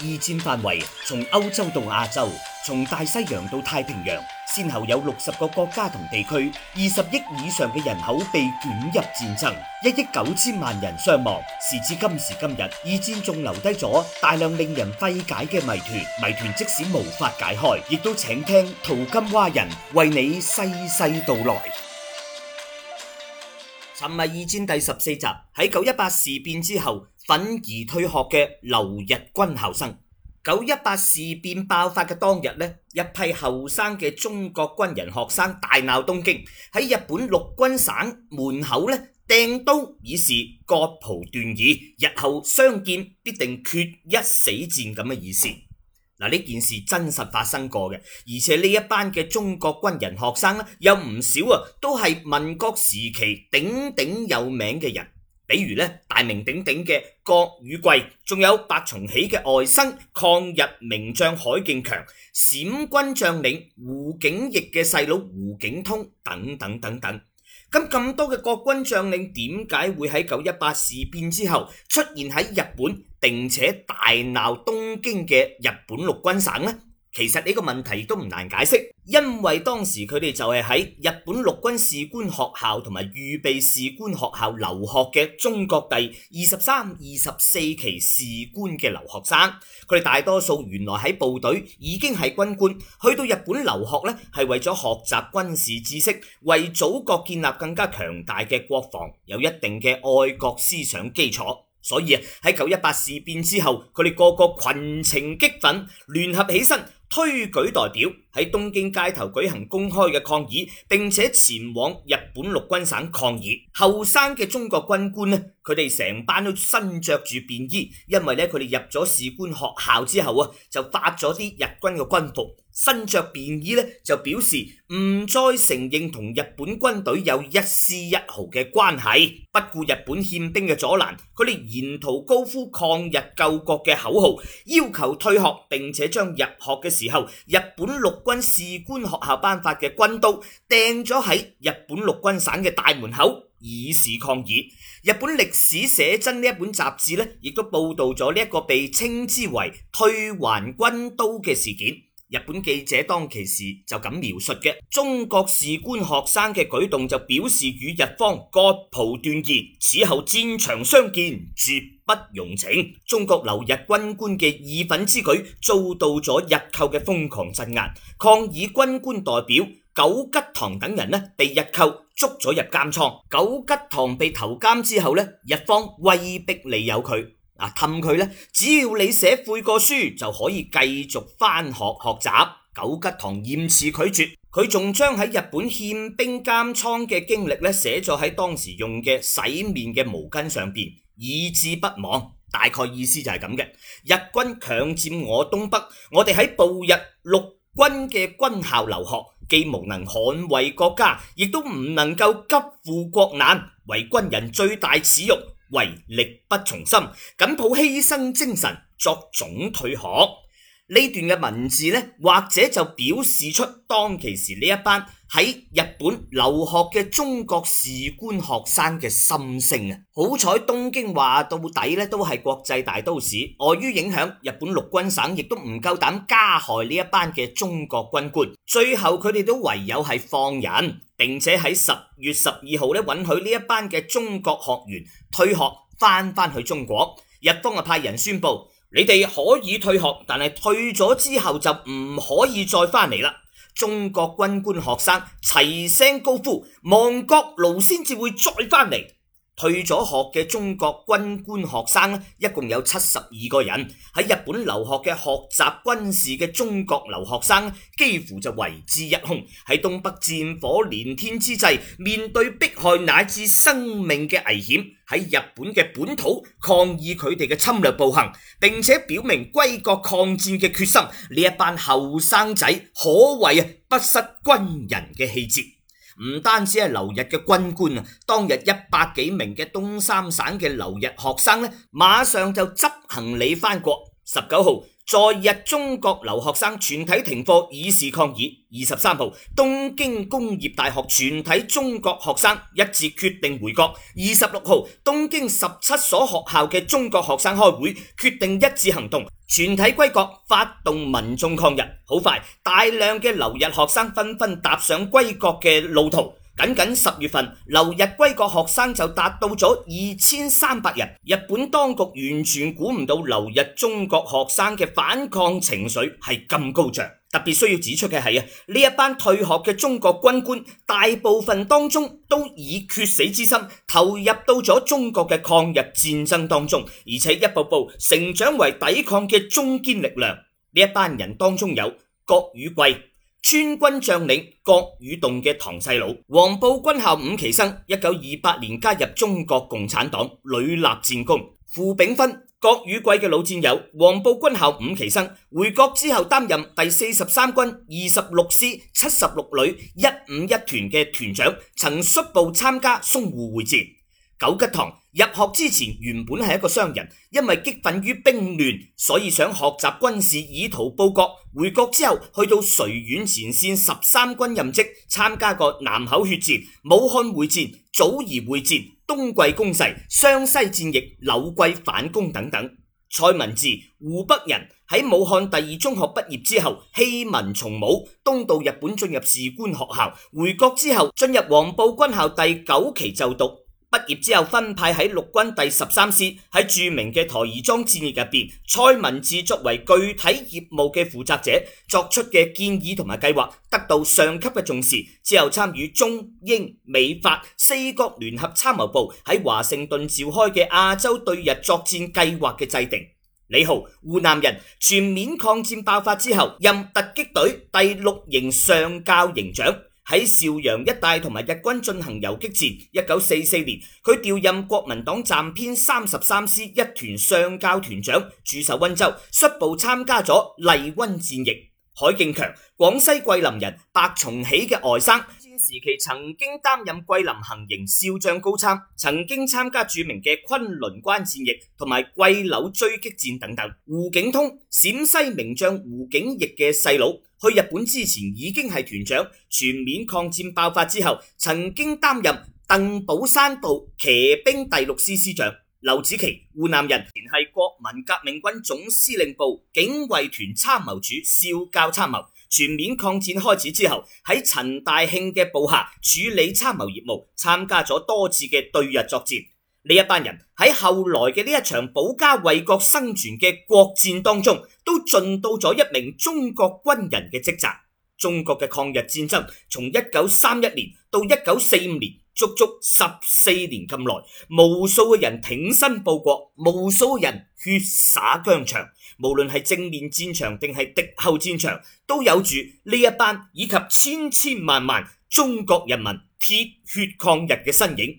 二戰範圍從歐洲到亞洲，從大西洋到太平洋，先後有六十個國家同地區，二十億以上嘅人口被捲入戰爭，一億九千萬人傷亡。時至今時今日，二戰仲留低咗大量令人費解嘅謎團，謎團即使無法解開，亦都請聽淘金蛙人為你細細道來。尋迷二戰第十四集喺九一八事變之後，憤而退學嘅留日軍校生，九一八事變爆發嘅當日呢，一批後生嘅中國軍人學生大鬧東京，喺日本陸軍省門口呢掟刀以示割袍斷義，日後相見必定決一死戰咁嘅意思。嗱，呢件事真實發生過嘅，而且呢一班嘅中國軍人學生呢，有唔少啊，都係民國時期鼎鼎有名嘅人。比如咧，大名鼎鼎嘅郭汝瑰，仲有白崇禧嘅外甥，抗日名將海競強、陝軍將領胡景翼嘅細佬胡景通，等等等等。咁咁多嘅國軍將領，點解會喺九一八事變之後出現喺日本，並且大鬧東京嘅日本陸軍省呢？其實呢個問題都唔難解釋，因為當時佢哋就係喺日本陸軍士官學校同埋預備士官學校留學嘅中國第二十三、二十四期士官嘅留學生，佢哋大多數原來喺部隊已經係軍官，去到日本留學呢係為咗學習軍事知識，為祖國建立更加強大嘅國防，有一定嘅愛國思想基礎。所以啊，喺九一八事變之後，佢哋個個群情激憤，聯合起身。推舉代表。喺東京街頭舉行公開嘅抗議，並且前往日本陸軍省抗議。後生嘅中國軍官咧，佢哋成班都身着住便衣，因為咧佢哋入咗士官學校之後啊，就發咗啲日軍嘅軍服，身着便衣呢，就表示唔再承認同日本軍隊有一絲一毫嘅關係。不顧日本憲兵嘅阻攔，佢哋沿途高呼抗日救國嘅口號，要求退學，並且將入學嘅時候日本陸軍士官學校頒發嘅軍刀掟咗喺日本陸軍省嘅大門口，以示抗議。日本歷史寫真呢一本雜誌呢，亦都報道咗呢一個被稱之為退還軍刀嘅事件。日本記者當其時就咁描述嘅，中國士官學生嘅舉動就表示與日方割袍斷義，此後戰場相見，絕不容情。中國留日軍官嘅義憤之舉，遭到咗日寇嘅瘋狂鎮壓。抗議軍官代表九吉堂等人呢，被日寇捉咗入監倉。九吉堂被投監之後呢，日方威逼利誘佢。嗱，氹佢呢，只要你寫悔過書就可以繼續返學學習。九吉堂嚴辭拒絕，佢仲將喺日本憲兵監倉嘅經歷呢寫咗喺當時用嘅洗面嘅毛巾上邊，以誌不忘。大概意思就係咁嘅。日軍強佔我東北，我哋喺暴日陸軍嘅軍校留學，既無能捍衞國家，亦都唔能夠急赴國難，為軍人最大恥辱。為力不從心，緊抱犧牲精神作總退學。呢段嘅文字呢，或者就表示出當其時呢一班喺日本留學嘅中國士官學生嘅心聲啊！好彩東京話到底呢，都係國際大都市，礙於影響日本陸軍省，亦都唔夠膽加害呢一班嘅中國軍官，最後佢哋都唯有係放人，並且喺十月十二號呢允許呢一班嘅中國學員退學，翻翻去中國。日方啊派人宣布。你哋可以退學，但係退咗之後就唔可以再翻嚟啦。中國軍官學生齊聲高呼：亡國奴先至會再翻嚟。退咗學嘅中國軍官學生咧，一共有七十二個人。喺日本留學嘅學習軍事嘅中國留學生，幾乎就為之一空。喺東北戰火連天之際，面對迫害乃至生命嘅危險，喺日本嘅本土抗議佢哋嘅侵略暴行，並且表明歸國抗戰嘅決心，呢一班後生仔可謂啊不失軍人嘅氣節。唔單止係留日嘅軍官啊，當日一百幾名嘅東三省嘅留日學生呢，馬上就執行李翻國。十九號。在日中國留學生全體停課以示抗議。二十三號，東京工業大學全體中國學生一致決定回國。二十六號，東京十七所學校嘅中國學生開會，決定一致行動，全體歸國，發動民眾抗日。好快，大量嘅留日學生紛紛踏上歸國嘅路途。僅僅十月份，留日歸國學生就達到咗二千三百人。日本當局完全估唔到留日中國學生嘅反抗情緒係咁高漲。特別需要指出嘅係啊，呢一班退學嘅中國軍官，大部分當中都以決死之心投入到咗中國嘅抗日戰爭當中，而且一步步成長為抵抗嘅中堅力量。呢一班人當中有郭汝瑰。川軍將領郭汝棟嘅堂細佬黃埔軍校五期生，一九二八年加入中國共產黨，屢立戰功。傅秉勳，郭汝瑰嘅老戰友，黃埔軍校五期生，回國之後擔任第四十三軍二十六師七十六旅一五一團嘅團長，曾率部參加淞滬會戰。九吉堂入學之前原本係一個商人，因為激憤於兵亂，所以想學習軍事以圖報國。回國之後去到綏遠前線十三軍任職，參加過南口血戰、武漢會戰、棗宜會戰、冬季攻勢、湘西戰役、柳桂反攻等等。蔡文治，湖北人，喺武漢第二中學畢業之後棄文從武，東渡日本進入士官學校，回國之後進入黃埔軍校第九期就讀。畢業之後分派喺陸軍第十三師，喺著名嘅台兒莊戰役入邊，蔡文治作為具體業務嘅負責者，作出嘅建議同埋計劃得到上級嘅重視，之後參與中英美法四國聯合參謀部喺華盛頓召開嘅亞洲對日作戰計劃嘅制定。李浩，湖南人，全面抗戰爆發之後任突擊隊第六營上校營長。喺邵陽一帶同埋日軍進行游擊戰。一九四四年，佢調任國民黨暫編三十三師一團上校團長，駐守溫州，率部參加咗麗溫戰役。海敬強，廣西桂林人，白崇禧嘅外甥，戰時期曾經擔任桂林行營少將高參，曾經參加著名嘅昆崙關戰役同埋桂柳追擊戰等等。胡景通，陝西名將胡景翼嘅細佬。去日本之前已經係團長，全面抗戰爆發之後，曾經擔任鄧寶山部騎兵第六師師長。劉子琪，湖南人，原係國民革命軍總司令部警衛團參謀處少校參謀。全面抗戰開始之後，喺陳大慶嘅部下處理參謀業務，參加咗多次嘅對日作戰。呢一班人喺後來嘅呢一場保家衛國生存嘅國戰當中，都盡到咗一名中國軍人嘅職責。中國嘅抗日戰爭從一九三一年到一九四五年，足足十四年咁耐，無數嘅人挺身報國，無數人血灑疆場。無論係正面戰場定係敵後戰場，都有住呢一班以及千千萬萬中國人民鐵血抗日嘅身影。